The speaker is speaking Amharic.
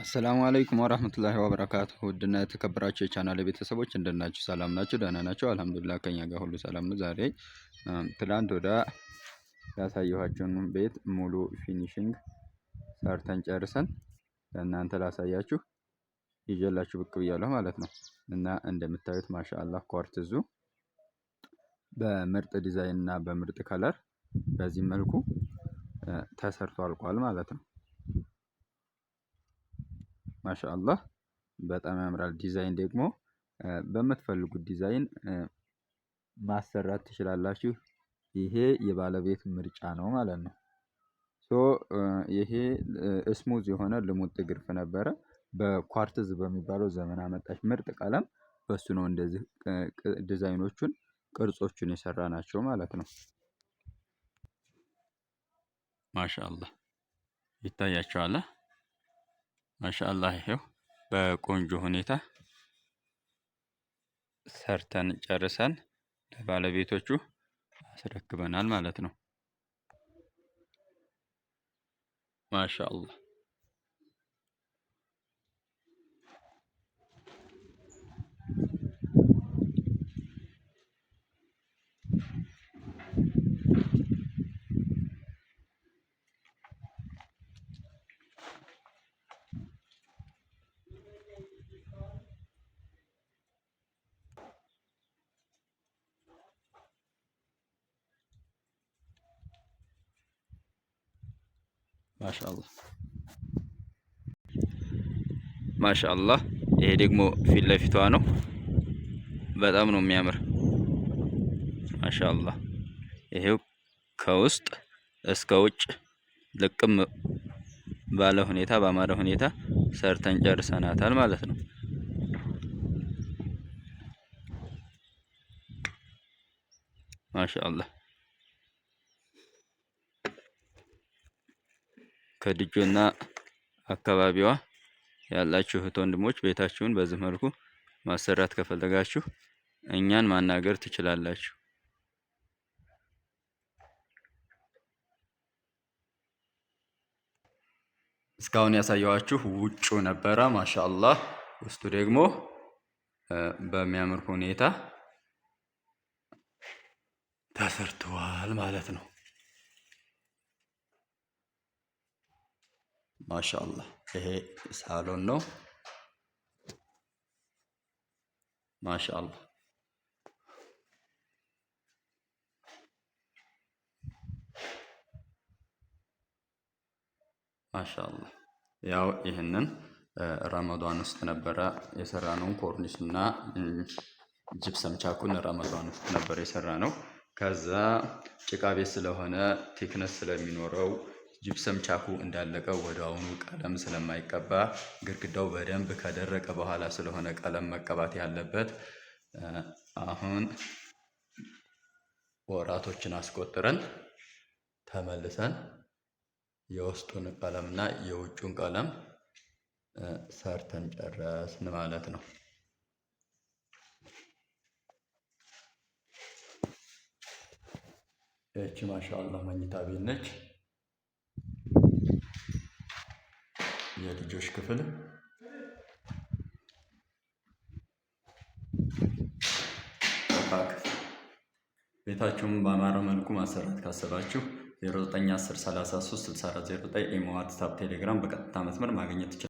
አሰላሙ አለይኩም ወራህመቱላሂ ወበረካቱሁ ውድና የተከበራችሁ የቻናል ቤተሰቦች እንደናችሁ ሰላም ናችሁ? ደህና ናቸው? አልሐምዱሊላህ ከኛ ጋር ሁሉ ሰላም ነው። ዛሬ ትላንት ወደ ያሳየኋችሁን ቤት ሙሉ ፊኒሽንግ ሰርተን ጨርሰን ለእናንተ ላሳያችሁ ይዤላችሁ ብቅ ብያለሁ ማለት ነው እና እንደምታዩት ማሻአላህ ኳርትዙ በምርጥ ዲዛይን እና በምርጥ ከለር በዚህ መልኩ ተሰርቶ አልቋል ማለት ነው። ማሻአላህ በጣም ያምራል። ዲዛይን ደግሞ በምትፈልጉት ዲዛይን ማሰራት ትችላላችሁ። ይሄ የባለቤት ምርጫ ነው ማለት ነው። ሶ ይሄ ስሙዝ የሆነ ልሙጥ ግርፍ ነበረ። በኳርትዝ በሚባለው ዘመን አመጣሽ ምርጥ ቀለም በሱ ነው እንደዚህ ዲዛይኖቹን ቅርጾቹን የሰራ ናቸው ማለት ነው። ማሻአላህ ይታያቸዋል። ማሻአላህ ይሄው በቆንጆ ሁኔታ ሰርተን ጨርሰን ለባለቤቶቹ አስረክበናል ማለት ነው። ማሻአላህ ማሻአላህ ማሻአላህ። ይሄ ደግሞ ፊት ለፊቷ ነው። በጣም ነው የሚያምር ማሻአላህ። ይሄው ከውስጥ እስከ ውጭ ልቅም ባለ ሁኔታ ባማረ ሁኔታ ሰርተን ጨርሰናታል ማለት ነው። ማሻአላህ ከድጆና አካባቢዋ ያላችሁ እህት ወንድሞች ቤታችሁን በዚህ መልኩ ማሰራት ከፈለጋችሁ እኛን ማናገር ትችላላችሁ። እስካሁን ያሳየኋችሁ ውጩ ነበረ። ማሻአላህ ውስጡ ደግሞ በሚያምር ሁኔታ ተሰርተዋል ማለት ነው። ማሻአላ ይሄ ሳሎን ነው። ማሻአላ ማሻአላ ያው ይህንን ረመዷን ውስጥ ነበረ የሰራነውን ኮርኒስ እና ጅብሰም ቻኩን ረመዷን ውስጥ ነበር የሰራ ነው። ከዛ ጭቃ ቤት ስለሆነ ቴክነስ ስለሚኖረው ጅፕሰም ቻኩ እንዳለቀ አሁኑ ቀለም ስለማይቀባ ግድግዳው በደንብ ከደረቀ በኋላ ስለሆነ ቀለም መቀባት ያለበት። አሁን ወራቶችን አስቆጥረን ተመልሰን የውስጡን ቀለምና የውጩን ቀለም ሰርተን ጨረስን ማለት ነው። ይቺ ማሻአላህ መኝታ ቤት ነች። የልጆች ክፍል ቤታችሁን በአማረ መልኩ ማሰራት ካሰባችሁ 0910336409 ኢሞ፣ ቴሌግራም በቀጥታ መስመር ማግኘት ይችላል።